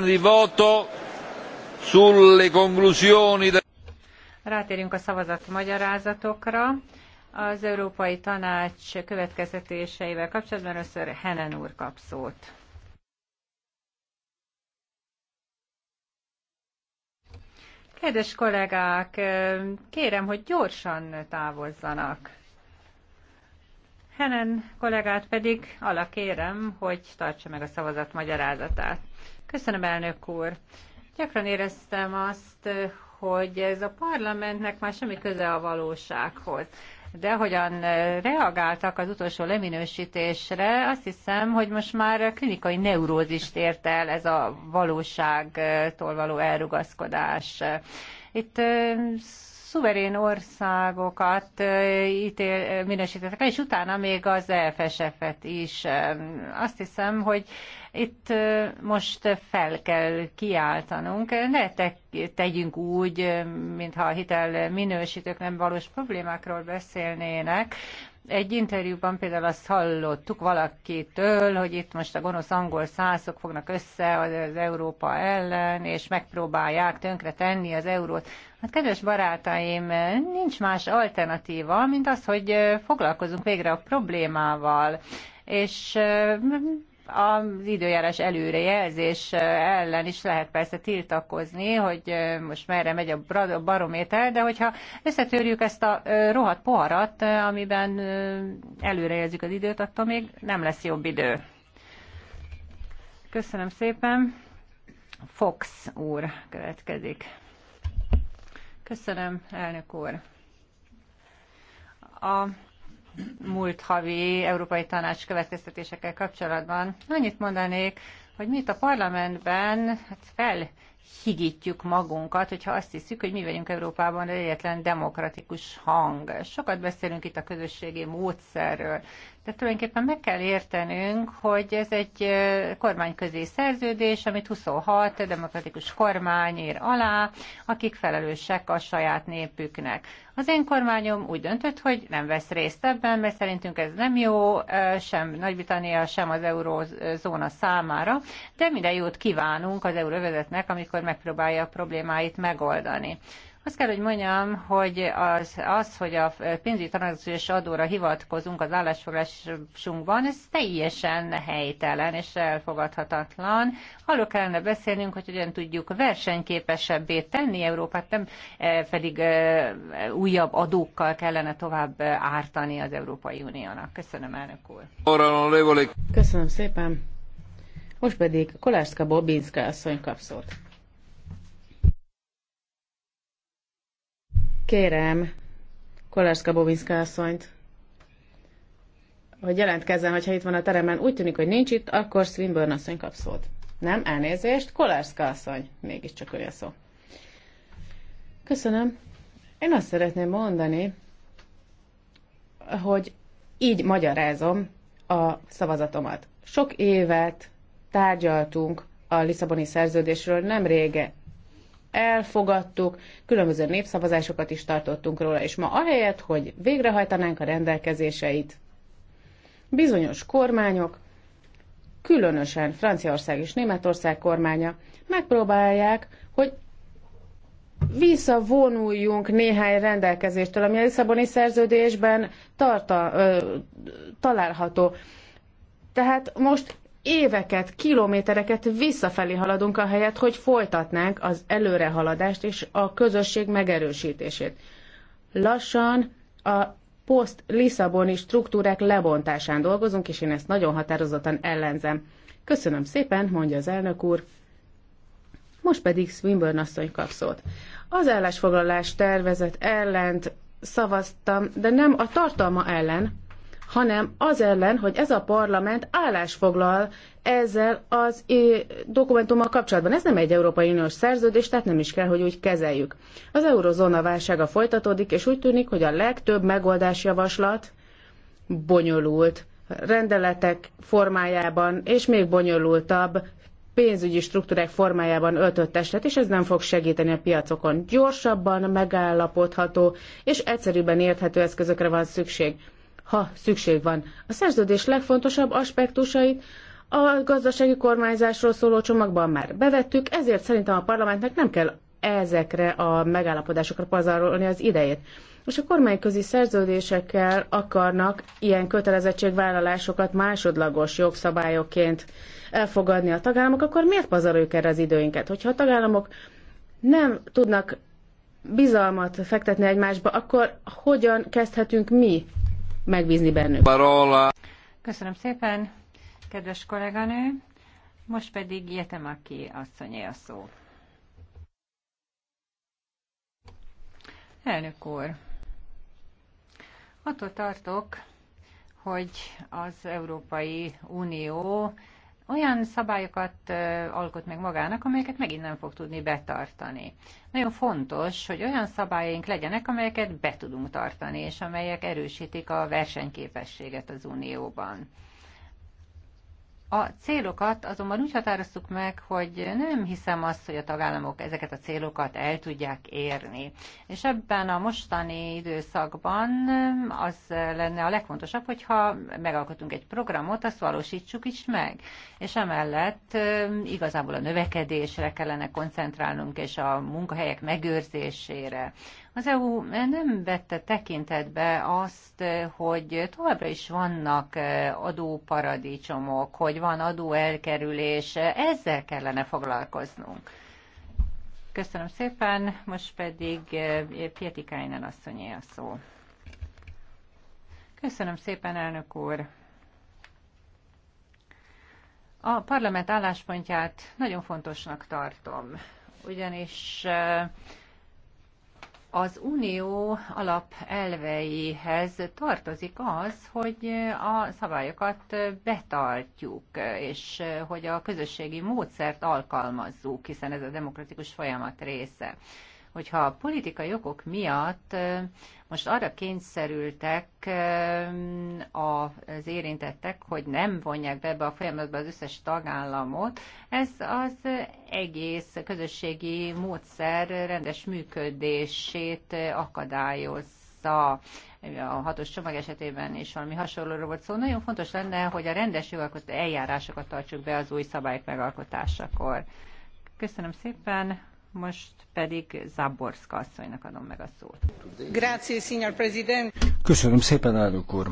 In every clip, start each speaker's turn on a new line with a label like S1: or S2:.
S1: dichiarazioni di voto sulle conclusioni. De...
S2: Rátérjünk a szavazat magyarázatokra. Az Európai Tanács következtetéseivel kapcsolatban először Henen úr kap szót. Kedves kollégák, kérem, hogy gyorsan távozzanak. Henen kollégát pedig arra kérem, hogy tartsa meg a szavazat magyarázatát. Köszönöm, elnök úr. Gyakran éreztem azt, hogy ez a parlamentnek már semmi köze a valósághoz de hogyan reagáltak az utolsó leminősítésre, azt hiszem, hogy most már klinikai neurózist ért el ez a valóságtól való elrugaszkodás. Itt szuverén országokat ítél, minősítettek, és utána még az EFSF-et is. Azt hiszem, hogy itt most fel kell kiáltanunk. Ne te, tegyünk úgy, mintha a hitel minősítők nem valós problémákról beszélnének, egy interjúban például azt hallottuk valakitől, hogy itt most a gonosz angol szászok fognak össze az Európa ellen, és megpróbálják tönkre tenni az eurót. Hát kedves barátaim, nincs más alternatíva, mint az, hogy foglalkozunk végre a problémával és az időjárás előrejelzés ellen is lehet persze tiltakozni, hogy most merre megy a barométer, de hogyha összetörjük ezt a rohadt poharat, amiben előrejelzik az időt, attól még nem lesz jobb idő. Köszönöm szépen. Fox úr következik. Köszönöm, elnök úr. A múlt havi Európai Tanács következtetésekkel kapcsolatban. Annyit mondanék, hogy mi itt a parlamentben hát fel higítjük magunkat, hogyha azt hiszük, hogy mi vagyunk Európában egyetlen demokratikus hang. Sokat beszélünk itt a közösségi módszerről, de tulajdonképpen meg kell értenünk, hogy ez egy kormányközi szerződés, amit 26 demokratikus kormány ír alá, akik felelősek a saját népüknek. Az én kormányom úgy döntött, hogy nem vesz részt ebben, mert szerintünk ez nem jó, sem Nagy-Britannia, sem az eurózóna számára, de minden jót kívánunk az euróvezetnek, amikor amikor megpróbálja a problémáit megoldani. Azt kell, hogy mondjam, hogy az, az hogy a pénzügyi tranzakciós adóra hivatkozunk az állásfoglalásunkban, ez teljesen helytelen és elfogadhatatlan. Arról kellene beszélnünk, hogy hogyan tudjuk versenyképesebbé tenni Európát, nem e, pedig e, újabb adókkal kellene tovább ártani az Európai Uniónak. Köszönöm, elnök
S1: úr.
S3: Köszönöm szépen. Most pedig Kolárszka Bobinska asszony kap Kérem Kolárszka Bovinszka asszonyt, hogy jelentkezzen, hogyha itt van a teremben. Úgy tűnik, hogy nincs itt, akkor Swinburne asszony kap szót. Nem, elnézést, Kolárszka asszony. Mégiscsak olyan szó. Köszönöm. Én azt szeretném mondani, hogy így magyarázom a szavazatomat. Sok évet tárgyaltunk a Lisszaboni szerződésről, nem rége elfogadtuk, különböző népszavazásokat is tartottunk róla, és ma ahelyett, hogy végrehajtanánk a rendelkezéseit, bizonyos kormányok, különösen Franciaország és Németország kormánya megpróbálják, hogy visszavonuljunk néhány rendelkezéstől, ami a Lisszaboni szerződésben tarta, ö, található. Tehát most éveket, kilométereket visszafelé haladunk a helyet, hogy folytatnánk az előrehaladást és a közösség megerősítését. Lassan a poszt-Lisszaboni struktúrák lebontásán dolgozunk, és én ezt nagyon határozottan ellenzem. Köszönöm szépen, mondja az elnök úr. Most pedig Swinburne asszony kap szót. Az állásfoglalás tervezet ellent szavaztam, de nem a tartalma ellen, hanem az ellen, hogy ez a parlament állásfoglal ezzel az dokumentummal kapcsolatban. Ez nem egy Európai Uniós szerződés, tehát nem is kell, hogy úgy kezeljük. Az eurozóna válsága folytatódik, és úgy tűnik, hogy a legtöbb megoldásjavaslat bonyolult rendeletek formájában, és még bonyolultabb pénzügyi struktúrák formájában öltött testet, és ez nem fog segíteni a piacokon. Gyorsabban megállapodható és egyszerűbben érthető eszközökre van szükség ha szükség van. A szerződés legfontosabb aspektusait a gazdasági kormányzásról szóló csomagban már bevettük, ezért szerintem a parlamentnek nem kell ezekre a megállapodásokra pazarolni az idejét. Most a kormányközi szerződésekkel akarnak ilyen kötelezettségvállalásokat másodlagos jogszabályokként elfogadni a tagállamok, akkor miért pazaroljuk erre az időinket? Hogyha a tagállamok nem tudnak bizalmat fektetni egymásba, akkor hogyan kezdhetünk mi megbízni bennük.
S1: Parola.
S3: Köszönöm
S2: szépen, kedves kolléganő. Most pedig Jetem, aki asszonyé a szó. Elnök úr, attól tartok, hogy az Európai Unió olyan szabályokat alkot meg magának, amelyeket megint nem fog tudni betartani. Nagyon fontos, hogy olyan szabályaink legyenek, amelyeket be tudunk tartani, és amelyek erősítik a versenyképességet az Unióban. A célokat azonban úgy határoztuk meg, hogy nem hiszem azt, hogy a tagállamok ezeket a célokat el tudják érni. És ebben a mostani időszakban az lenne a legfontosabb, hogyha megalkotunk egy programot, azt valósítsuk is meg. És emellett igazából a növekedésre kellene koncentrálnunk, és a munkahelyek megőrzésére. Az EU nem vette tekintetbe azt, hogy továbbra is vannak adóparadicsomok, hogy van adóelkerülés, ezzel kellene foglalkoznunk. Köszönöm szépen, most pedig Pieti Kájnen asszonyé a szó. Köszönöm szépen, elnök úr! A parlament álláspontját nagyon fontosnak tartom, ugyanis az unió alapelveihez tartozik az, hogy a szabályokat betartjuk, és hogy a közösségi módszert alkalmazzuk, hiszen ez a demokratikus folyamat része hogyha a politikai okok miatt most arra kényszerültek az érintettek, hogy nem vonják be ebbe a folyamatba az összes tagállamot, ez az egész közösségi módszer rendes működését akadályozza a hatos csomag esetében is valami hasonlóról volt szó. Szóval nagyon fontos lenne, hogy a rendes jogalkotó eljárásokat tartsuk be az új szabályok megalkotásakor. Köszönöm szépen! most pedig Záborszka asszonynak adom meg a szót. Grazie,
S1: signor President.
S4: Köszönöm szépen, elnök úr.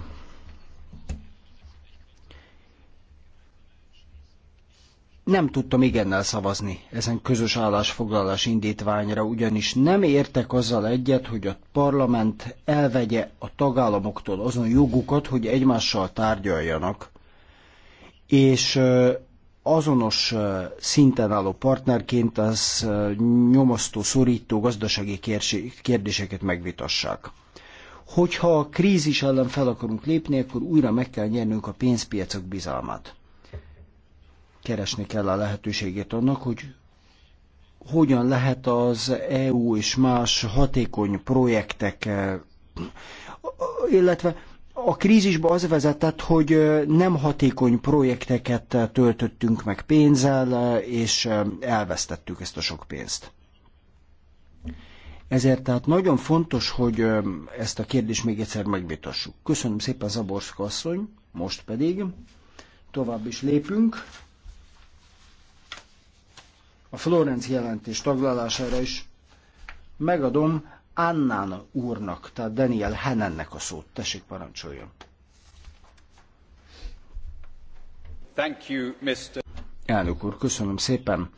S4: Nem tudtam igennel szavazni ezen közös állásfoglalás indítványra, ugyanis nem értek azzal egyet, hogy a parlament elvegye a tagállamoktól azon jogukat, hogy egymással tárgyaljanak, és azonos szinten álló partnerként az nyomasztó, szorító gazdasági kérdéseket megvitassák. Hogyha a krízis ellen fel akarunk lépni, akkor újra meg kell nyernünk a pénzpiacok bizalmát. Keresni kell a lehetőségét annak, hogy hogyan lehet az EU és más hatékony projektek, illetve a krízisbe az vezetett, hogy nem hatékony projekteket töltöttünk meg pénzzel, és elvesztettük ezt a sok pénzt. Ezért tehát nagyon fontos, hogy ezt a kérdést még egyszer megvitassuk. Köszönöm szépen Zaborszka asszony, most pedig tovább is lépünk. A Florenc jelentés taglalására is megadom Annán úrnak, tehát Daniel Hennennek a szót. Tessék, parancsoljon.
S1: Thank you, Mr.
S4: Elnök úr, köszönöm szépen.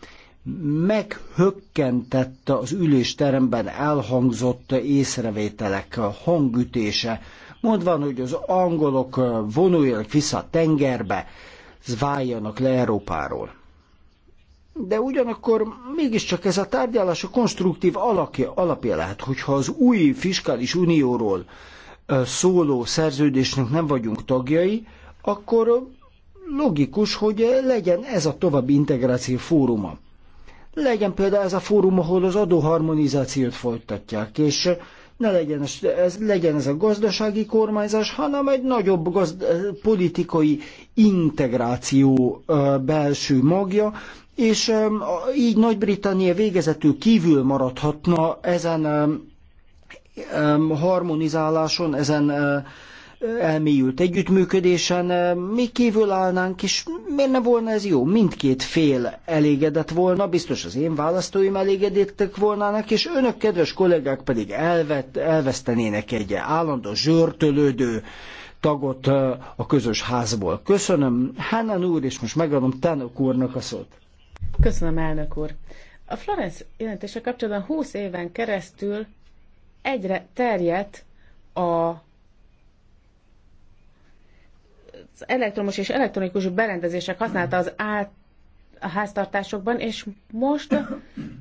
S4: Meghökkentette az ülésteremben elhangzott észrevételek hangütése, mondván, hogy az angolok vonuljanak vissza a tengerbe, zváljanak le Európáról de ugyanakkor mégiscsak ez a tárgyalás a konstruktív alakja, alapja lehet, hogyha az új fiskális unióról szóló szerződésnek nem vagyunk tagjai, akkor logikus, hogy legyen ez a további integráció fóruma. Legyen például ez a fórum, ahol az adóharmonizációt folytatják, és ne legyen ez, ez, legyen ez a gazdasági kormányzás, hanem egy nagyobb gazd, politikai integráció ö, belső magja, és így Nagy-Britannia végezetül kívül maradhatna ezen harmonizáláson, ezen elmélyült együttműködésen mi kívül állnánk, és miért ne volna ez jó? Mindkét fél elégedett volna, biztos az én választóim elégedettek volnának, és önök, kedves kollégák, pedig elvet, elvesztenének egy állandó zsörtölődő tagot eh, a közös házból. Köszönöm Hannan úr, és most megadom Tánok úrnak a szót.
S3: Köszönöm, elnök úr. A Florence jelentése kapcsolatban 20 éven keresztül egyre terjedt a az elektromos és elektronikus berendezések használata az át a háztartásokban, és most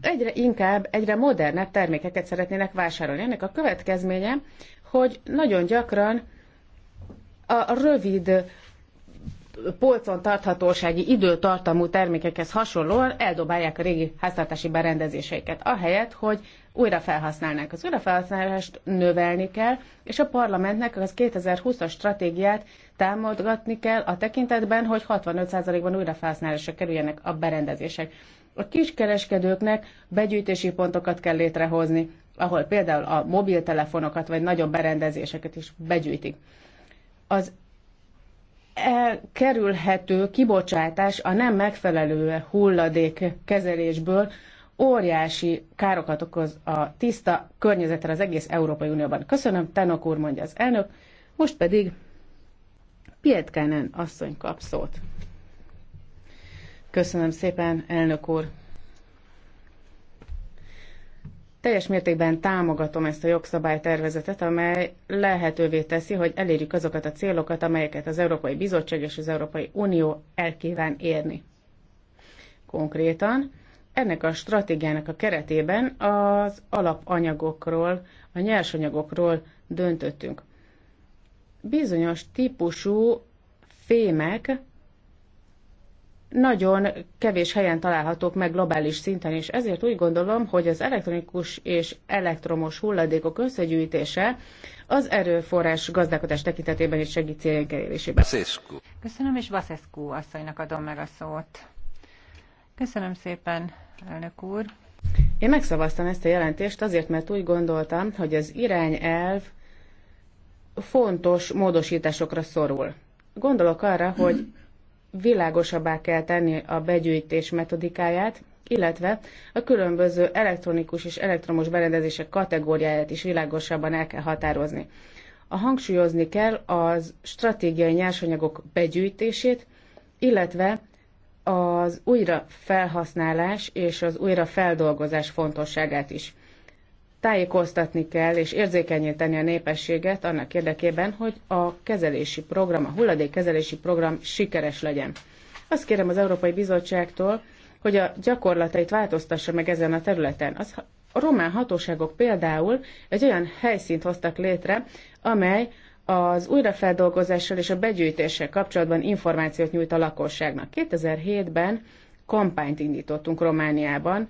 S3: egyre inkább, egyre modernebb termékeket szeretnének vásárolni. Ennek a következménye, hogy nagyon gyakran a rövid polcon tarthatósági időtartamú termékekhez hasonlóan eldobálják a régi háztartási berendezéseiket, ahelyett, hogy újra felhasználnák. Az újrafelhasználást növelni kell, és a parlamentnek az 2020-as stratégiát támogatni kell a tekintetben, hogy 65%-ban újrafelhasználásra kerüljenek a berendezések. A kiskereskedőknek begyűjtési pontokat kell létrehozni, ahol például a mobiltelefonokat vagy nagyobb berendezéseket is begyűjtik. Az kerülhető kibocsátás a nem megfelelő hulladék kezelésből óriási károkat okoz a tiszta környezetre az egész Európai Unióban. Köszönöm, Tenok úr, mondja az elnök. Most pedig Pietkánen asszony kap szót. Köszönöm szépen, elnök úr. Teljes mértékben támogatom ezt a jogszabálytervezetet, amely lehetővé teszi, hogy elérjük azokat a célokat, amelyeket az Európai Bizottság és az Európai Unió elkíván érni. Konkrétan ennek a stratégiának a keretében az alapanyagokról, a nyersanyagokról döntöttünk. Bizonyos típusú fémek nagyon kevés helyen találhatók meg globális szinten, és ezért úgy gondolom, hogy az elektronikus és elektromos hulladékok összegyűjtése az erőforrás gazdálkodás tekintetében is segít céljaink elérésében.
S2: Köszönöm, és Baszeszkú asszonynak adom meg a szót. Köszönöm szépen, elnök úr.
S3: Én megszavaztam ezt a jelentést azért, mert úgy gondoltam, hogy az irányelv fontos módosításokra szorul. Gondolok arra, hogy világosabbá kell tenni a begyűjtés metodikáját, illetve a különböző elektronikus és elektromos berendezések kategóriáját is világosabban el kell határozni. A hangsúlyozni kell az stratégiai nyersanyagok begyűjtését, illetve az újrafelhasználás és az újrafeldolgozás fontosságát is tájékoztatni kell és érzékenyíteni a népességet annak érdekében, hogy a kezelési program, a hulladékkezelési program sikeres legyen. Azt kérem az Európai Bizottságtól, hogy a gyakorlatait változtassa meg ezen a területen. Az a román hatóságok például egy olyan helyszínt hoztak létre, amely az újrafeldolgozással és a begyűjtéssel kapcsolatban információt nyújt a lakosságnak. 2007-ben kampányt indítottunk Romániában,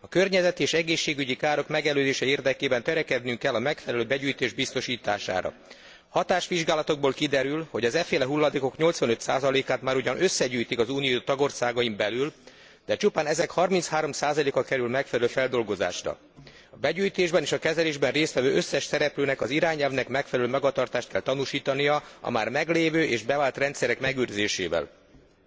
S1: a környezeti és egészségügyi károk megelőzése érdekében törekednünk kell a megfelelő begyűjtés biztostására. hatásvizsgálatokból kiderül hogy az féle hulladékok eighty five át már ugyan összegyűjtik az unió tagországain belül de csupán ezek thirty three a kerül megfelelő feldolgozásra. a begyűjtésben és a kezelésben részt vevő összes szereplőnek az irányelvnek megfelelő magatartást kell tanústania a már meglévő és bevált rendszerek megőrzésével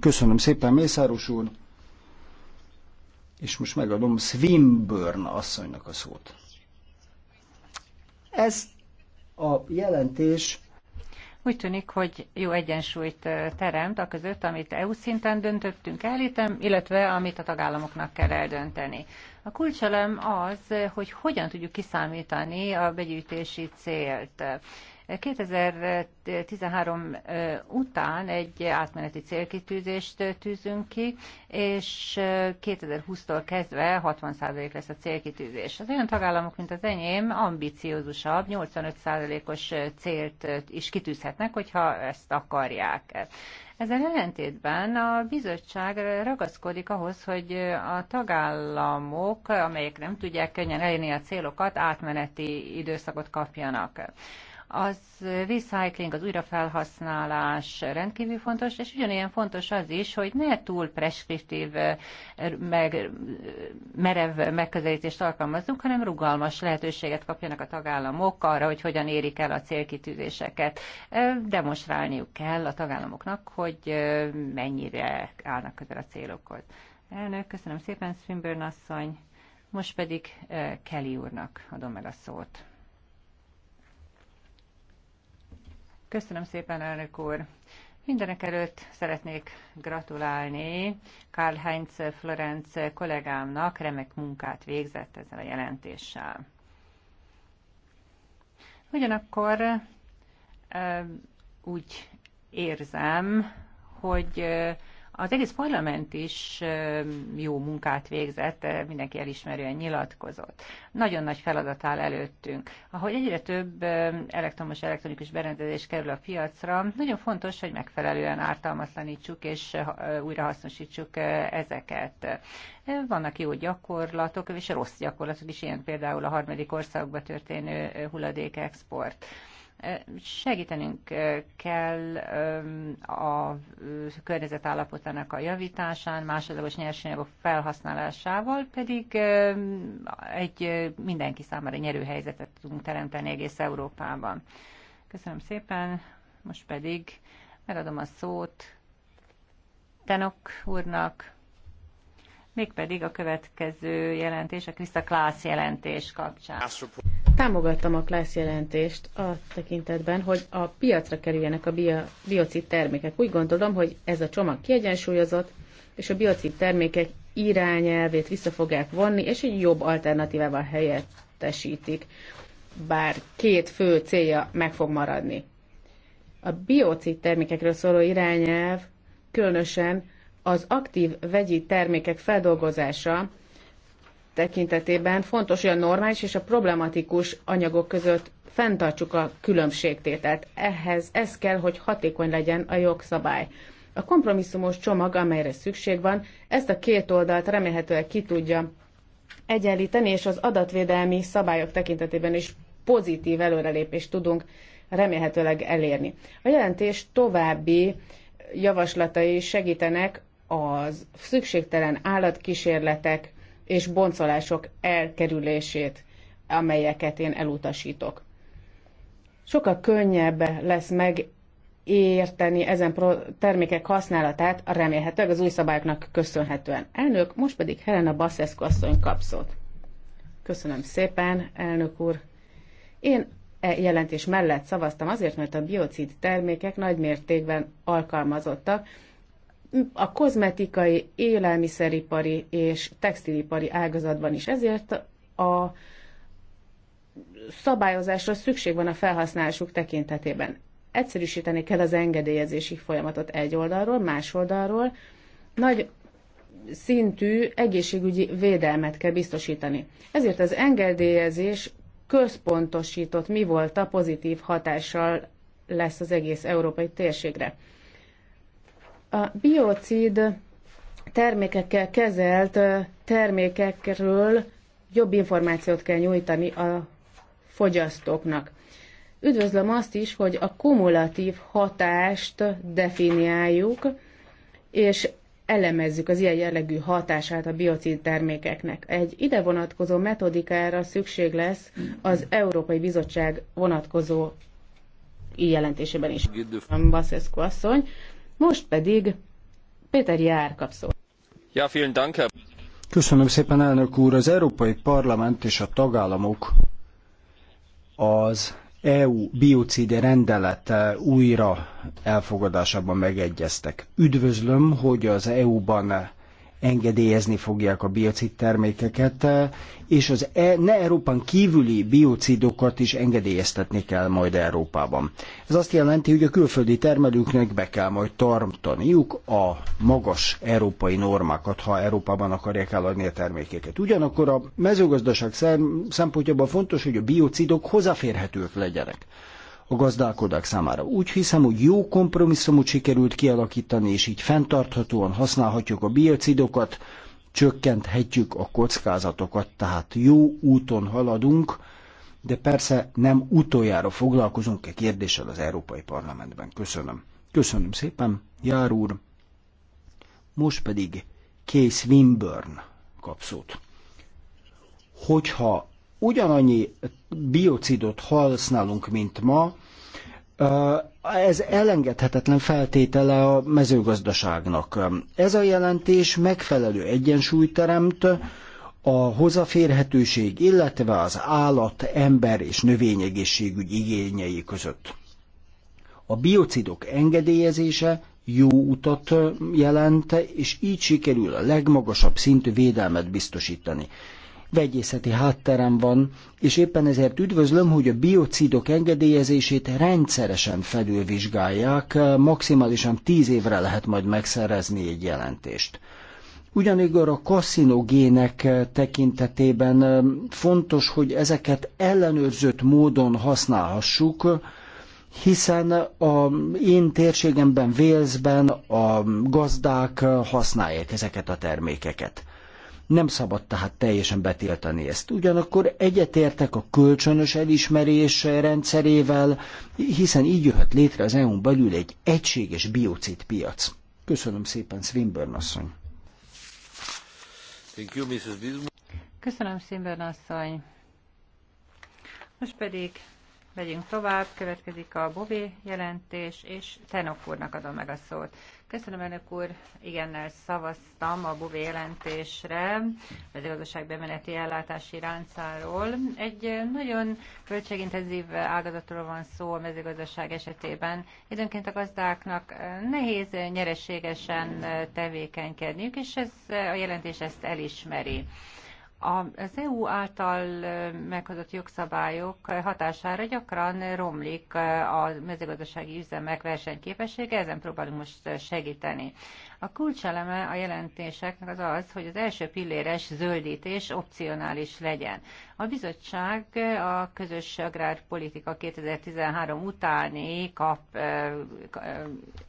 S4: Köszönöm szépen, Mészáros úr. És most megadom Swinburne asszonynak a szót. Ez a jelentés
S2: úgy tűnik, hogy jó egyensúlyt teremt a között, amit EU szinten döntöttünk el, illetve amit a tagállamoknak kell eldönteni. A kulcselem az, hogy hogyan tudjuk kiszámítani a begyűjtési célt 2013 után egy átmeneti célkitűzést tűzünk ki, és 2020-tól kezdve 60% lesz a célkitűzés. Az olyan tagállamok, mint az enyém, ambiciózusabb, 85%-os célt is kitűzhetnek, hogyha ezt akarják. Ezzel ellentétben a bizottság ragaszkodik ahhoz, hogy a tagállamok, amelyek nem tudják könnyen elérni a célokat, átmeneti időszakot kapjanak. Az recycling, az újrafelhasználás rendkívül fontos, és ugyanilyen fontos az is, hogy ne túl preskriptív, meg, merev megközelítést alkalmazzunk, hanem rugalmas lehetőséget kapjanak a tagállamok arra, hogy hogyan érik el a célkitűzéseket. Demonstrálniuk kell a tagállamoknak, hogy mennyire állnak közel a célokhoz. Elnök, köszönöm szépen, Swinburne asszony. Most pedig Kelly úrnak adom meg a szót. Köszönöm szépen, elnök úr. Mindenek előtt szeretnék gratulálni Karl Heinz Florenc kollégámnak, remek munkát végzett ezzel a jelentéssel. Ugyanakkor úgy érzem, hogy az egész parlament is jó munkát végzett, mindenki elismerően nyilatkozott. Nagyon nagy feladat áll előttünk. Ahogy egyre több elektromos, elektronikus berendezés kerül a piacra, nagyon fontos, hogy megfelelően ártalmatlanítsuk és újrahasznosítsuk ezeket. Vannak jó gyakorlatok, és rossz gyakorlatok is, ilyen például a harmadik országokba történő hulladékexport. export Segítenünk kell a környezet állapotának a javításán, másodlagos nyersanyagok felhasználásával, pedig egy mindenki számára nyerő helyzetet tudunk teremteni egész Európában. Köszönöm szépen, most pedig megadom a szót Tenok úrnak, mégpedig a következő jelentés, a Krista Klász jelentés kapcsán
S3: támogattam a klász jelentést a tekintetben, hogy a piacra kerüljenek a bio, biocid termékek. Úgy gondolom, hogy ez a csomag kiegyensúlyozott, és a biocid termékek irányelvét vissza fogják vonni, és egy jobb alternatívával helyettesítik, bár két fő célja meg fog maradni. A biocid termékekről szóló irányelv különösen az aktív vegyi termékek feldolgozása tekintetében fontos, hogy a normális és a problematikus anyagok között fenntartsuk a különbségtételt. Ehhez ez kell, hogy hatékony legyen a jogszabály. A kompromisszumos csomag, amelyre szükség van, ezt a két oldalt remélhetőleg ki tudja egyenlíteni, és az adatvédelmi szabályok tekintetében is pozitív előrelépést tudunk remélhetőleg elérni. A jelentés további javaslatai segítenek az szükségtelen állatkísérletek és boncolások elkerülését, amelyeket én elutasítok. Sokkal könnyebb lesz meg érteni ezen termékek használatát, remélhetőleg az új szabályoknak köszönhetően. Elnök, most pedig Helena Baszeszko asszony kapszott. Köszönöm szépen, elnök úr. Én e jelentés mellett szavaztam azért, mert a biocid termékek nagy mértékben alkalmazottak, a kozmetikai, élelmiszeripari és textilipari ágazatban is. Ezért a szabályozásra szükség van a felhasználásuk tekintetében. Egyszerűsíteni kell az engedélyezési folyamatot egy oldalról, más oldalról. Nagy szintű egészségügyi védelmet kell biztosítani. Ezért az engedélyezés központosított mi volt a pozitív hatással lesz az egész európai térségre. A biocid termékekkel kezelt termékekről jobb információt kell nyújtani a fogyasztóknak. Üdvözlöm azt is, hogy a kumulatív hatást definiáljuk, és elemezzük az ilyen jellegű hatását a biocid termékeknek. Egy ide vonatkozó metodikára szükség lesz az Európai Bizottság vonatkozó jelentésében is. Basescu asszony, most pedig Péter Jár kap szó.
S2: Ja, vielen Dank.
S4: Köszönöm szépen, elnök úr. Az Európai Parlament és a tagállamok az EU biocide rendelete újra elfogadásában megegyeztek. Üdvözlöm, hogy az EU-ban engedélyezni fogják a biocid termékeket, és az e, ne Európán kívüli biocidokat is engedélyeztetni kell majd Európában. Ez azt jelenti, hogy a külföldi termelőknek be kell majd tartaniuk a magas európai normákat, ha Európában akarják eladni a termékeket. Ugyanakkor a mezőgazdaság szempontjából fontos, hogy a biocidok hozzáférhetők legyenek a gazdálkodók számára. Úgy hiszem, hogy jó kompromisszumot sikerült kialakítani, és így fenntarthatóan használhatjuk a biocidokat, csökkenthetjük a kockázatokat, tehát jó úton haladunk, de persze nem utoljára foglalkozunk e kérdéssel az Európai Parlamentben. Köszönöm. Köszönöm szépen, Jár úr. Most pedig Case Wimburn kap szót. Hogyha ugyanannyi biocidot használunk, mint ma, ez elengedhetetlen feltétele a mezőgazdaságnak. Ez a jelentés megfelelő egyensúlyt teremt a hozzáférhetőség, illetve az állat, ember és növényegészségügy igényei között. A biocidok engedélyezése jó utat jelent, és így sikerül a legmagasabb szintű védelmet biztosítani vegyészeti hátterem van, és éppen ezért üdvözlöm, hogy a biocidok engedélyezését rendszeresen felülvizsgálják, maximálisan tíz évre lehet majd megszerezni egy jelentést. Ugyanígy a kaszinogének tekintetében um, fontos, hogy ezeket ellenőrzött módon használhassuk, hiszen a én térségemben, Walesben a gazdák használják ezeket a termékeket. Nem szabad tehát teljesen betiltani ezt. Ugyanakkor egyetértek a kölcsönös elismerés rendszerével, hiszen így jöhet létre az EU-n belül egy egységes biocid piac. Köszönöm szépen, Swinburne asszony.
S2: Köszönöm, Swinburne asszony. Most pedig megyünk tovább, következik a Bové jelentés, és Tenok úrnak adom meg a szót. Köszönöm, elnök úr. Igennel szavaztam a buvé jelentésre, az igazság bemeneti ellátási ráncáról. Egy nagyon költségintenzív ágazatról van szó a mezőgazdaság esetében. Időnként a gazdáknak nehéz nyereségesen tevékenykedniük, és ez a jelentés ezt elismeri. Az EU által meghozott jogszabályok hatására gyakran romlik a mezőgazdasági üzemek versenyképessége, ezen próbálunk most segíteni. A kulcseleme a jelentéseknek az az, hogy az első pilléres zöldítés opcionális legyen. A bizottság a közös agrárpolitika 2013 utáni kap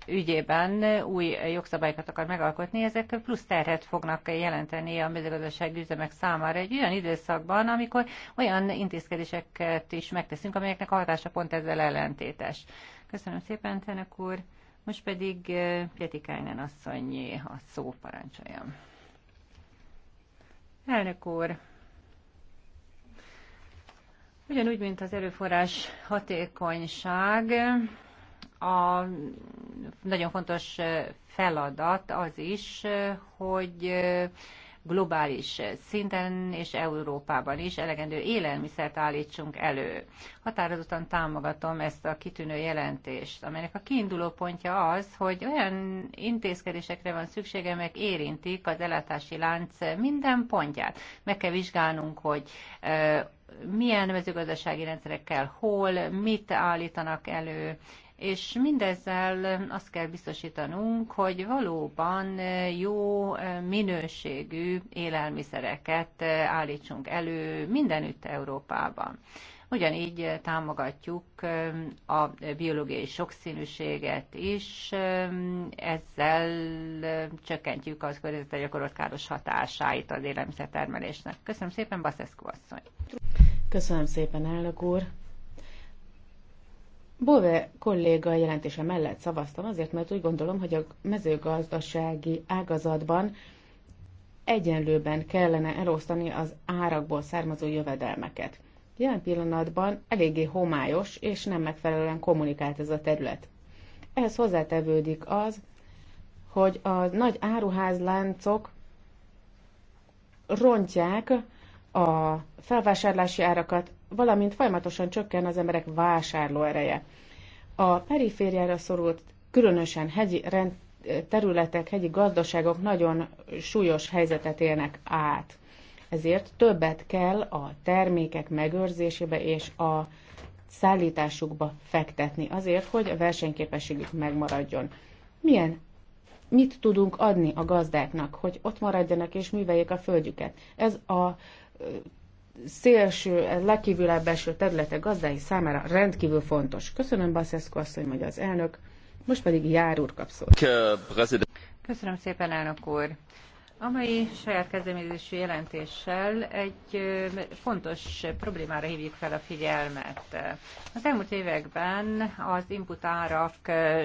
S2: ügyében új jogszabályokat akar megalkotni, ezek plusz terhet fognak jelenteni a mezőgazdasági üzemek számára egy olyan időszakban, amikor olyan intézkedéseket is megteszünk, amelyeknek a hatása pont ezzel ellentétes. Köszönöm szépen, Tenek úr! Most pedig eh, Pietikájnen asszonyé a szó parancsoljam. Elnök úr, ugyanúgy, mint az erőforrás hatékonyság, a nagyon fontos eh, feladat az is, eh, hogy globális szinten és Európában is elegendő élelmiszert állítsunk elő. Határozottan támogatom ezt a kitűnő jelentést, amelynek a kiinduló pontja az, hogy olyan intézkedésekre van szüksége, meg érintik az ellátási lánc minden pontját. Meg kell vizsgálnunk, hogy milyen mezőgazdasági rendszerekkel, hol, mit állítanak elő, és mindezzel azt kell biztosítanunk, hogy valóban jó eh, minőségű élelmiszereket eh, állítsunk elő mindenütt Európában. Ugyanígy támogatjuk eh, a biológiai sokszínűséget is, ezzel csökkentjük az környezetre gyakorolt káros hatásait az élelmiszertermelésnek. Köszönöm szépen, Baszeszko asszony!
S3: Köszönöm szépen, elnök úr! Bove kolléga jelentése mellett szavaztam, azért mert úgy gondolom, hogy a mezőgazdasági ágazatban egyenlőben kellene elosztani az árakból származó jövedelmeket. Jelen pillanatban eléggé homályos és nem megfelelően kommunikált ez a terület. Ehhez hozzátevődik az, hogy a nagy áruházláncok rontják a felvásárlási árakat, valamint folyamatosan csökken az emberek vásárló ereje. A perifériára szorult, különösen hegyi rend, területek, hegyi gazdaságok nagyon súlyos helyzetet élnek át. Ezért többet kell a termékek megőrzésébe és a szállításukba fektetni azért, hogy a versenyképességük megmaradjon. Milyen mit tudunk adni a gazdáknak, hogy ott maradjanak és műveljék a földjüket. Ez a szélső, legkívül belső területe gazdái számára rendkívül fontos. Köszönöm, Baszeszko asszony, hogy az elnök. Most pedig Jár úr kap szót. Köszönöm szépen, elnök úr amely saját
S2: kezdeményezésű jelentéssel egy fontos problémára hívjuk fel a figyelmet. Az elmúlt években az input árak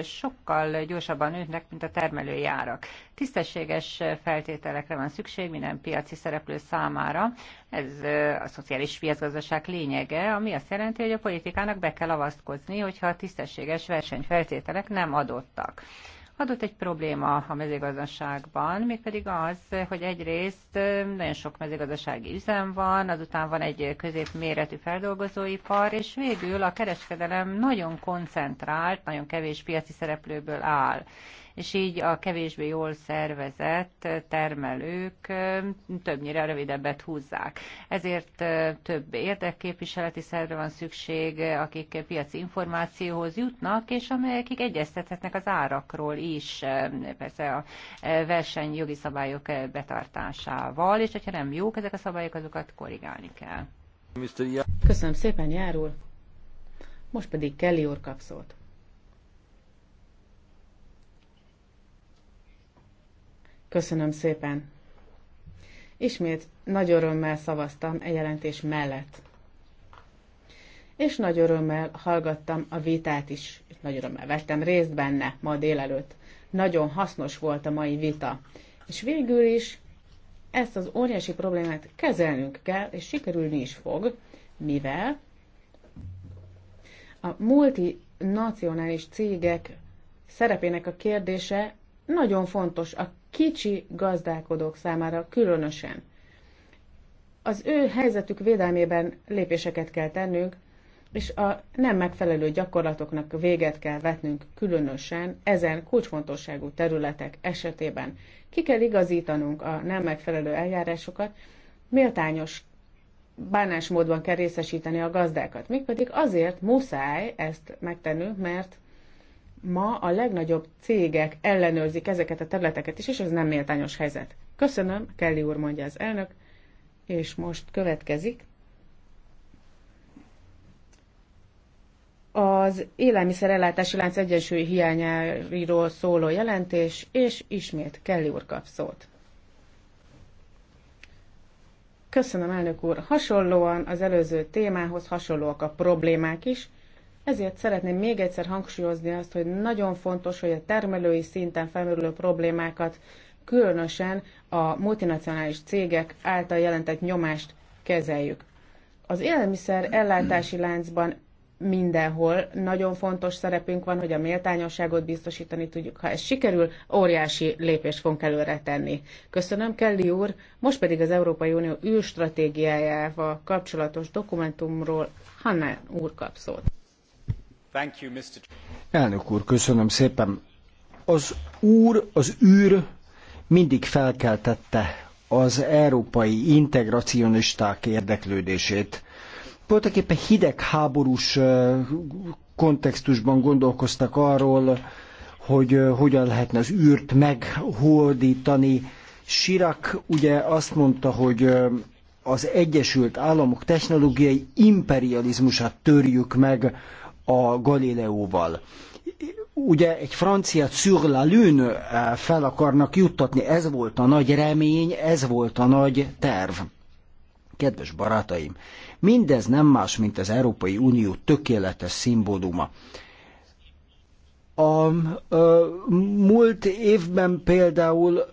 S2: sokkal gyorsabban nőnek, mint a termelői árak. Tisztességes feltételekre van szükség minden piaci szereplő számára. Ez a szociális piacgazdaság lényege, ami azt jelenti, hogy a politikának be kell avatkozni, hogyha a tisztességes versenyfeltételek nem adottak adott egy probléma a mezőgazdaságban, mégpedig az, hogy egyrészt nagyon sok mezőgazdasági üzem van, azután van egy középméretű feldolgozóipar, és végül a kereskedelem nagyon koncentrált, nagyon kevés piaci szereplőből áll és így a kevésbé jól szervezett termelők többnyire rövidebbet húzzák. Ezért több érdekképviseleti szerve van szükség, akik piaci információhoz jutnak, és amelyek egyeztethetnek az árakról is, persze a versenyjogi szabályok betartásával, és hogyha nem jók ezek a szabályok, azokat korrigálni kell.
S3: Köszönöm szépen, Járul! Most pedig Kelly úr kapszolt. Köszönöm szépen. Ismét nagy örömmel szavaztam e jelentés mellett. És nagy örömmel hallgattam a vitát is, nagy örömmel vettem részt benne ma délelőtt. Nagyon hasznos volt a mai vita. És végül is ezt az óriási problémát kezelnünk kell, és sikerülni is fog, mivel a multinacionális cégek szerepének a kérdése nagyon fontos a kicsi gazdálkodók számára különösen. Az ő helyzetük védelmében lépéseket kell tennünk, és a nem megfelelő gyakorlatoknak véget kell vetnünk különösen ezen kulcsfontosságú területek esetében. Ki kell igazítanunk a nem megfelelő eljárásokat, méltányos bánásmódban kell részesíteni a gazdákat. Mégpedig azért muszáj ezt megtennünk, mert ma a legnagyobb cégek ellenőrzik ezeket a területeket is, és ez nem méltányos helyzet. Köszönöm, Kelly úr mondja az elnök, és most következik. Az élelmiszerellátási lánc egyensúly hiányáról szóló jelentés, és ismét Kelly úr kap szót. Köszönöm, elnök úr. Hasonlóan az előző témához hasonlóak a problémák is, ezért szeretném még egyszer hangsúlyozni azt, hogy nagyon fontos, hogy a termelői szinten felmerülő problémákat, különösen a multinacionális cégek által jelentett nyomást kezeljük. Az élelmiszer ellátási láncban mindenhol nagyon fontos szerepünk van, hogy a méltányosságot biztosítani tudjuk. Ha ez sikerül, óriási lépést fogunk előre tenni. Köszönöm, Kelly úr. Most pedig az Európai Unió űrstratégiájával kapcsolatos dokumentumról Hanna úr kap szót.
S4: Elnök úr, köszönöm szépen. Az úr, az űr mindig felkeltette az európai integracionisták érdeklődését. Voltak éppen hidegháborús kontextusban gondolkoztak arról, hogy hogyan lehetne az űrt meghódítani. Sirak ugye azt mondta, hogy az Egyesült Államok technológiai imperializmusát törjük meg a Galileóval. Ugye egy francia sur la lune eh, fel akarnak juttatni, ez volt a nagy remény, ez volt a nagy terv. Kedves barátaim, mindez nem más, mint az Európai Unió tökéletes szimbóluma. A múlt évben például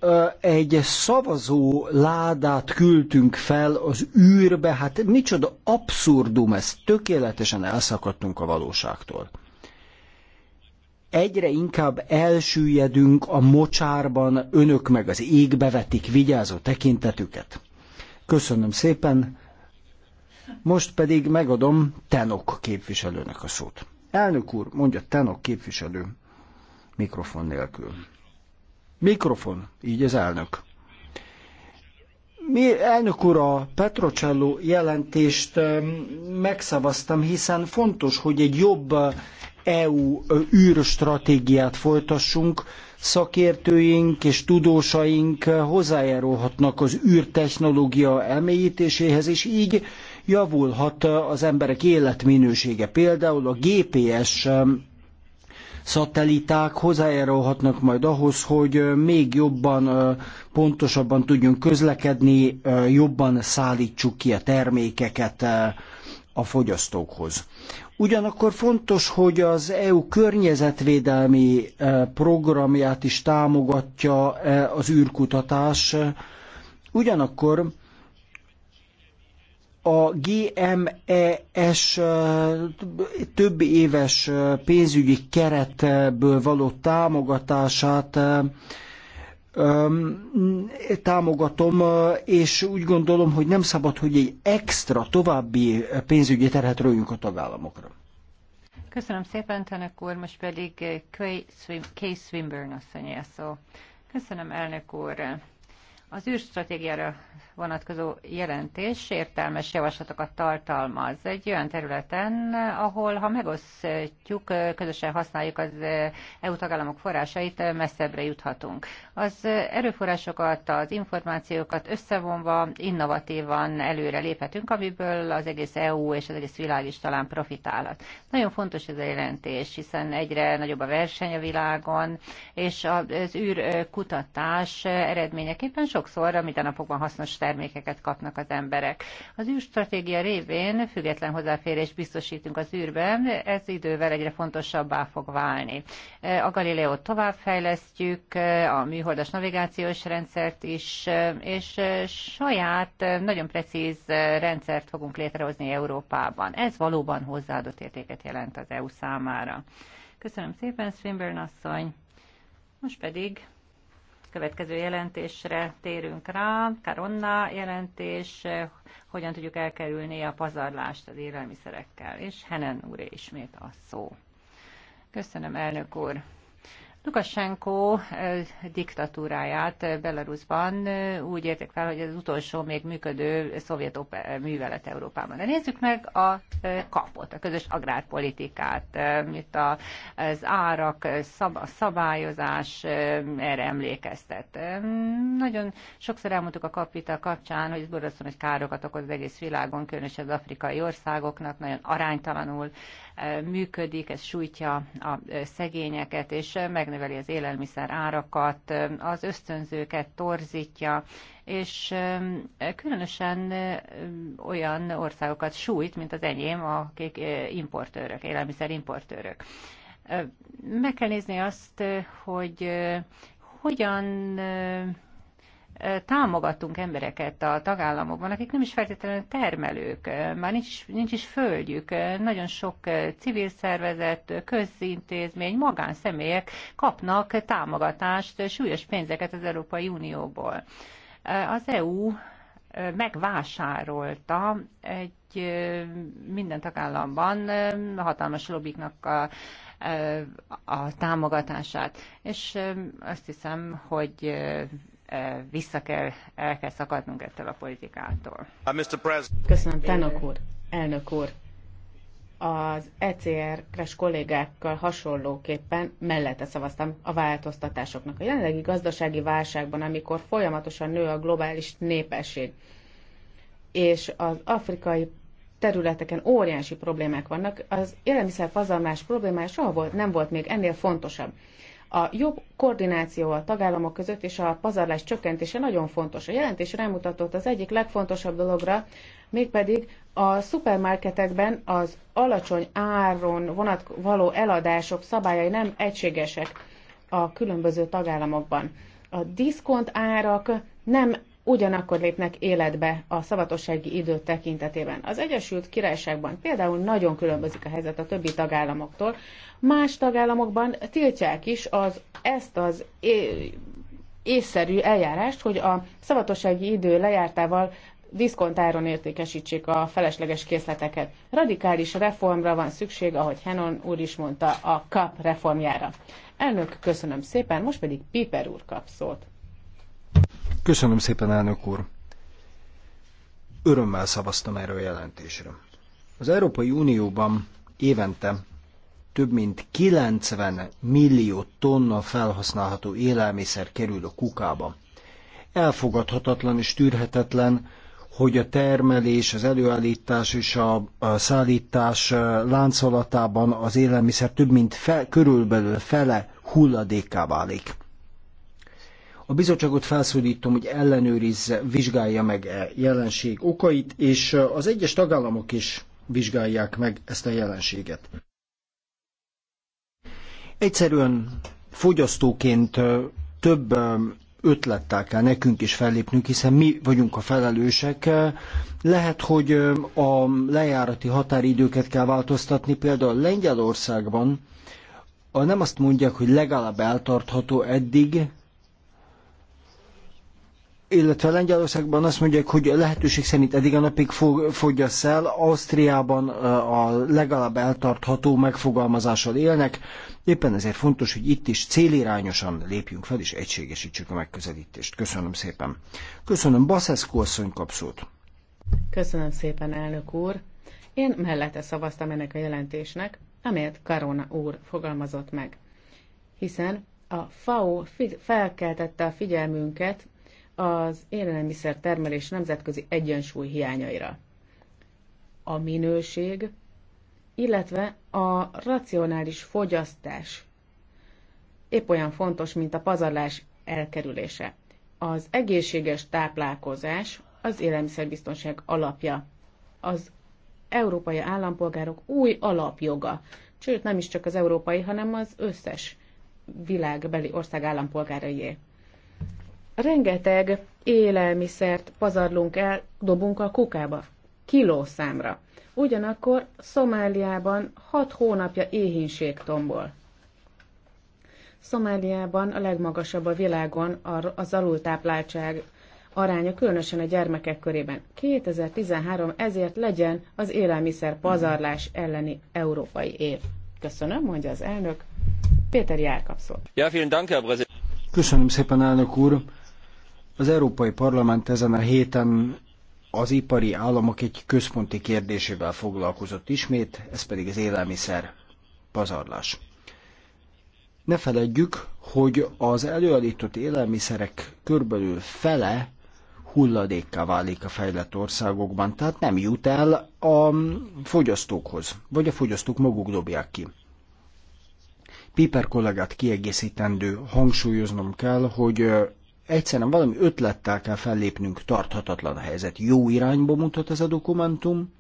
S4: egy szavazó ládát küldtünk fel az űrbe, hát micsoda abszurdum ez, tökéletesen elszakadtunk a valóságtól. Egyre inkább elsüllyedünk a mocsárban, önök meg az égbe vetik vigyázó tekintetüket. Köszönöm szépen, most pedig megadom Tenok képviselőnek a szót. Elnök úr, mondja Tenok képviselő, mikrofon nélkül. Mikrofon, így az elnök. Mi, elnök úr, a Petrocello jelentést megszavaztam, hiszen fontos, hogy egy jobb EU űrstratégiát folytassunk, szakértőink és tudósaink hozzájárulhatnak az űrtechnológia elmélyítéséhez, és így javulhat az emberek életminősége. Például a GPS um, szatelliták hozzájárulhatnak majd ahhoz, hogy um, még jobban, uh, pontosabban tudjunk közlekedni, uh, jobban szállítsuk ki a termékeket uh, a fogyasztókhoz. Ugyanakkor fontos, hogy az EU környezetvédelmi programját is támogatja az űrkutatás, ugyanakkor a GMES több éves pénzügyi keretből való támogatását támogatom, és úgy gondolom, hogy nem szabad, hogy egy extra további pénzügyi terhet rójunk a tagállamokra.
S2: Köszönöm szépen, Tanak úr, most pedig Kay Swinburne asszonyé szó. Köszönöm, elnök úr. Az űrstratégiára vonatkozó jelentés értelmes javaslatokat tartalmaz. Egy olyan területen, ahol ha megosztjuk, közösen használjuk az eh, EU tagállamok forrásait, eh, messzebbre juthatunk. Az erőforrásokat, az információkat összevonva innovatívan előre léphetünk, amiből az egész EU és az egész világ is talán profitálhat. Nagyon fontos ez a jelentés, hiszen egyre nagyobb a verseny a világon, és az űrkutatás eredményeképpen sokszor a mindennapokban hasznos termékeket kapnak az emberek. Az űrstratégia révén független hozzáférés biztosítunk az űrben, ez idővel egyre fontosabbá fog válni. E, a galileo-t továbbfejlesztjük, e, a műholdas navigációs rendszert is, e, és saját, nagyon precíz rendszert fogunk létrehozni Európában. Ez valóban hozzáadott értéket jelent az EU számára. Köszönöm szépen, Swinburne asszony! Most pedig következő jelentésre térünk rá, Karonna jelentés, hogyan tudjuk elkerülni a pazarlást az élelmiszerekkel, és Henen úr ismét a szó. Köszönöm, elnök úr! Lukashenko diktatúráját Belarusban úgy értek fel, hogy ez az utolsó még működő szovjet művelet Európában. De nézzük meg a kapot, a közös agrárpolitikát, mint az árak, a szabályozás erre emlékeztet. Nagyon sokszor elmondtuk a kapita kapcsán, hogy ez borzasztóan hogy károkat okoz az egész világon, különösen az afrikai országoknak, nagyon aránytalanul működik, ez sújtja a szegényeket, és meg növeli az élelmiszer árakat, az ösztönzőket torzítja, és különösen olyan országokat sújt, mint az enyém, akik importőrök, élelmiszerimportőrök. Meg kell nézni azt, hogy hogyan támogatunk embereket a tagállamokban, akik nem is feltétlenül termelők, már nincs, nincs is földjük. Nagyon sok civil szervezet, közintézmény, magánszemélyek kapnak támogatást, súlyos pénzeket az Európai Unióból. Az EU megvásárolta egy minden tagállamban hatalmas lobbiknak a a támogatását. És azt hiszem, hogy vissza kell, el kell szakadnunk ettől a
S1: politikától. Uh, Köszönöm, Tanok úr,
S3: elnök úr. Az ECR-es kollégákkal hasonlóképpen mellette szavaztam a változtatásoknak. A jelenlegi gazdasági válságban, amikor folyamatosan nő a globális népesség, és az afrikai területeken óriási problémák vannak, az élelmiszer pazarlás problémája soha volt, nem volt még ennél fontosabb. A jobb koordináció a tagállamok között és a pazarlás csökkentése nagyon fontos. A jelentés rámutatott az egyik legfontosabb dologra, mégpedig a szupermarketekben az alacsony áron vonat való eladások szabályai nem egységesek a különböző tagállamokban. A diszkont árak nem ugyanakkor lépnek életbe a szavatossági idő tekintetében. Az Egyesült Királyságban például nagyon különbözik a helyzet a többi tagállamoktól. Más tagállamokban tiltják is az, ezt az észszerű eljárást, hogy a szavatossági idő lejártával diszkontáron értékesítsék a felesleges készleteket. Radikális reformra van szükség, ahogy Henon úr is mondta, a kap reformjára. Elnök, köszönöm szépen, most pedig Piper úr kap szót.
S4: Köszönöm szépen, elnök úr. Örömmel szavaztam erről a jelentésre. Az Európai Unióban évente több mint 90 millió tonna felhasználható élelmiszer kerül a kukába. Elfogadhatatlan és tűrhetetlen, hogy a termelés, az előállítás és a, szállítás láncolatában az élelmiszer több mint körülbelül fele hulladékká válik. A bizottságot felszólítom, hogy ellenőrizze, vizsgálja meg e jelenség okait, és az egyes tagállamok is vizsgálják meg ezt a jelenséget. Egyszerűen fogyasztóként több ötlettel kell nekünk is fellépnünk, hiszen mi vagyunk a felelősek. Lehet, hogy a lejárati határidőket kell változtatni, például Lengyelországban a, nem azt mondják, hogy legalább eltartható eddig, illetve Lengyelországban azt mondják, hogy a lehetőség szerint eddig a napig fogyasz el, Ausztriában a legalább eltartható megfogalmazással élnek, éppen ezért fontos, hogy itt is célirányosan lépjünk fel, és egységesítsük a megközelítést. Köszönöm szépen. Köszönöm, Baszeszko asszony kapszót.
S3: Köszönöm szépen, elnök úr. Én mellette szavaztam ennek a jelentésnek, amelyet Karona úr fogalmazott meg. Hiszen a FAO felkeltette a figyelmünket az élelmiszer termelés nemzetközi egyensúly hiányaira. A minőség, illetve a racionális fogyasztás épp olyan fontos, mint a pazarlás elkerülése. Az egészséges táplálkozás az élelmiszerbiztonság alapja. Az európai állampolgárok új alapjoga, sőt nem is csak az európai, hanem az összes világbeli ország állampolgáraié rengeteg élelmiszert pazarlunk el, dobunk a kukába, kilószámra. Ugyanakkor Szomáliában hat hónapja éhínség tombol. Szomáliában a legmagasabb a világon az alultápláltság aránya, különösen a gyermekek körében. 2013 ezért legyen az élelmiszer pazarlás elleni európai év. Köszönöm, mondja az elnök. Péter Jár kapszol.
S4: Köszönöm szépen, elnök úr. Az Európai Parlament ezen a héten az ipari államok egy központi kérdésével foglalkozott ismét, ez pedig az élelmiszer pazarlás. Ne feledjük, hogy az előállított élelmiszerek körülbelül fele hulladékká válik a fejlett országokban, tehát nem jut el a fogyasztókhoz, vagy a fogyasztók maguk dobják ki. Piper kollégát kiegészítendő hangsúlyoznom kell, hogy Egyszerűen valami ötlettel kell fellépnünk, tarthatatlan a helyzet. Jó irányba mutat ez a dokumentum,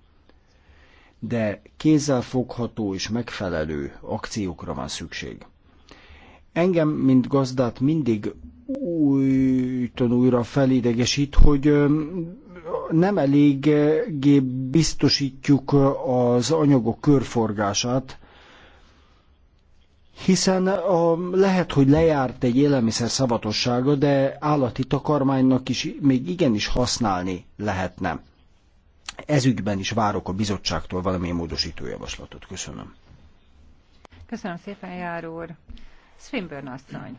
S4: de fogható és megfelelő akciókra van szükség. Engem, mint gazdát mindig újtan újra felidegesít, hogy nem eléggé biztosítjuk az anyagok körforgását, hiszen a, lehet, hogy lejárt egy élelmiszer szabadossága, de állati takarmánynak is még igenis használni lehetne. Ezügyben is várok a bizottságtól valamilyen módosító javaslatot. Köszönöm.
S2: Köszönöm szépen, járó. úr. Swinburne asszony.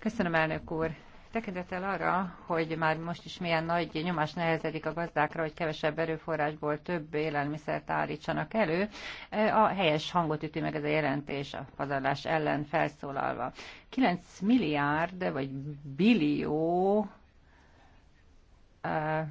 S2: Köszönöm, elnök úr. Tekintettel arra, hogy már most is milyen nagy nyomás nehezedik a gazdákra, hogy kevesebb erőforrásból több élelmiszert állítsanak elő, e, a helyes hangot üti meg ez a jelentés a pazarlás ellen felszólalva. 9 milliárd vagy billió e,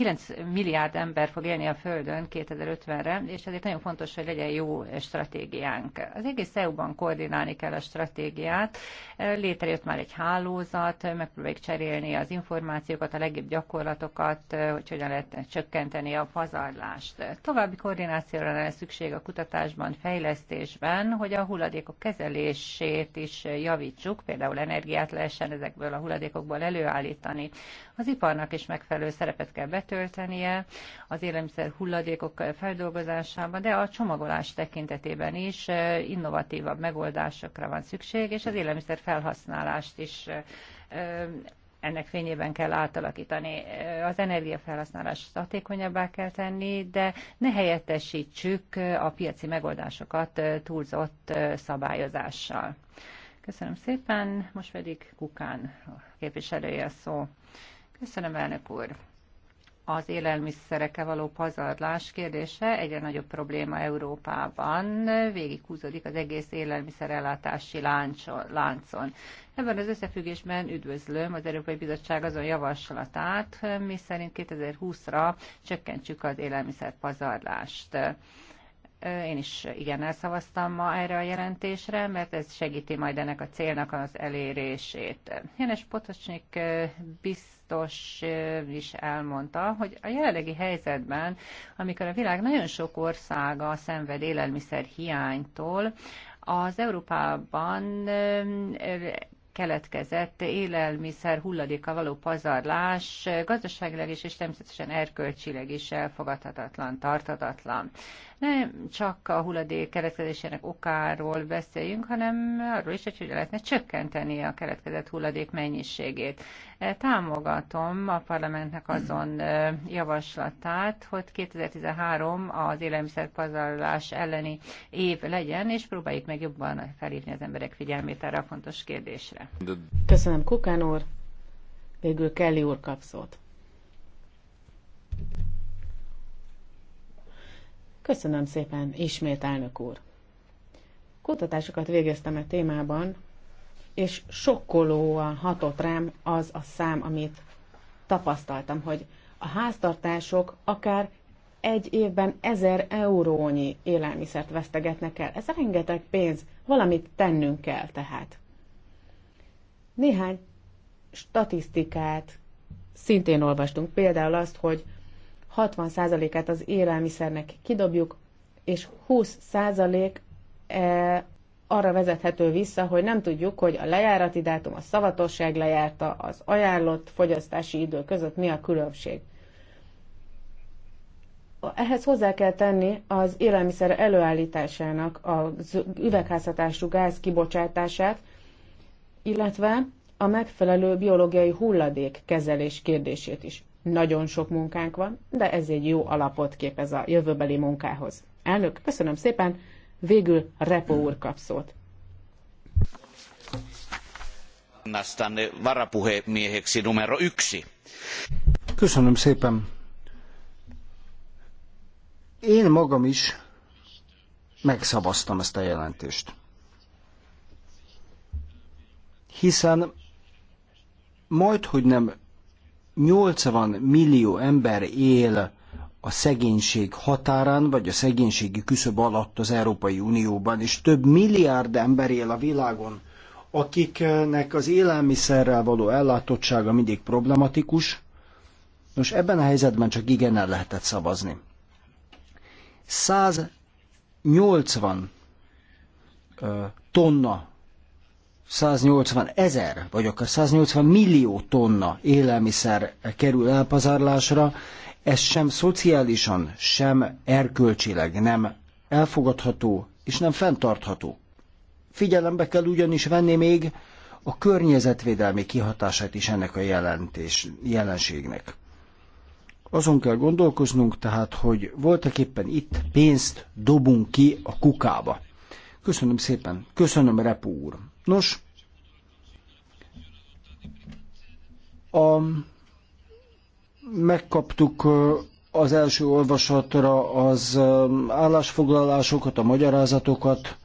S2: 9 milliárd ember fog élni a Földön 2050-re, és ezért nagyon fontos, hogy legyen jó stratégiánk. Az egész EU-ban koordinálni kell a stratégiát. Létrejött már egy hálózat, megpróbáljuk cserélni az információkat, a legjobb gyakorlatokat, hogy hogyan lehet csökkenteni a pazarlást. További koordinációra lenne szükség a kutatásban, fejlesztésben, hogy a hulladékok kezelését is javítsuk, például energiát lehessen ezekből a hulladékokból előállítani. Az iparnak is megfelelő szerepet kell betöltenie az élelmiszer hulladékok feldolgozásában, de a csomagolás tekintetében is eh, innovatívabb megoldásokra van szükség, és az élelmiszer felhasználást is eh, eh, ennek fényében kell átalakítani. Az energiafelhasználást hatékonyabbá kell tenni, de ne helyettesítsük a piaci megoldásokat túlzott szabályozással. Köszönöm szépen, most pedig Kukán a képviselője a szó. Köszönöm, elnök úr. Az élelmiszereke való pazarlás kérdése egyre nagyobb probléma Európában, végig húzódik az egész élelmiszerellátási láncon. Ebben az összefüggésben üdvözlöm az Európai Bizottság azon javaslatát, mi szerint 2020-ra csökkentsük az élelmiszer pazarlást. Én is igen elszavaztam ma erre a jelentésre, mert ez segíti majd ennek a célnak az elérését. Jenes Potocsnik eh, biztos, biztos is elmondta, hogy a jelenlegi helyzetben, amikor a világ nagyon sok országa szenved élelmiszer hiánytól, az Európában keletkezett élelmiszer hulladéka való pazarlás gazdaságilag is és természetesen erkölcsileg is elfogadhatatlan, tartatatlan nem csak a hulladék keletkezésének okáról beszéljünk, hanem arról is, hogy lehetne csökkenteni a keletkezett hulladék mennyiségét. E, támogatom a parlamentnek azon e, javaslatát, hogy 2013 az élelmiszerpazarlás elleni év legyen, és próbáljuk meg jobban felhívni az emberek figyelmét
S3: erre a fontos kérdésre. Köszönöm, Kukán úr. Végül Kelly úr kap Köszönöm szépen, ismét elnök úr. Kutatásokat végeztem a e témában, és sokkolóan hatott rám az a szám, amit tapasztaltam, hogy a háztartások akár egy évben ezer eurónyi élelmiszert vesztegetnek el. Ez rengeteg pénz, valamit tennünk kell tehát. Néhány statisztikát szintén olvastunk, például azt, hogy 60%-át az élelmiszernek kidobjuk, és 20% e, arra vezethető vissza, hogy nem tudjuk, hogy a lejárati dátum, a szavatosság lejárta, az ajánlott fogyasztási idő között mi a különbség. Ehhez hozzá kell tenni az élelmiszer előállításának, az üvegházhatású gáz kibocsátását, illetve a megfelelő biológiai hulladék kezelés kérdését is. Nagyon sok munkánk van, de ez egy jó alapot képez a jövőbeli munkához. Elnök, köszönöm szépen, végül Repo úr kap szót.
S1: numero
S4: Köszönöm szépen. Én magam is megszavaztam ezt a jelentést. Hiszen majd, hogy nem 80 millió ember él a szegénység határán, vagy a szegénységi küszöb alatt az Európai Unióban, és több milliárd ember él a világon, akiknek az élelmiszerrel való ellátottsága mindig problematikus. Nos, ebben a helyzetben csak igen el lehetett szavazni. 180 tonna 180 ezer, vagy akár 180 millió tonna élelmiszer kerül elpazarlásra, ez sem szociálisan, sem erkölcsileg nem elfogadható és nem fenntartható. Figyelembe kell ugyanis venni még a környezetvédelmi kihatását is ennek a jelentés, jelenségnek. Azon kell gondolkoznunk tehát, hogy voltak éppen itt pénzt dobunk ki a kukába. Köszönöm szépen, köszönöm Repú úr. Nos, a, megkaptuk az első olvasatra az állásfoglalásokat, a magyarázatokat,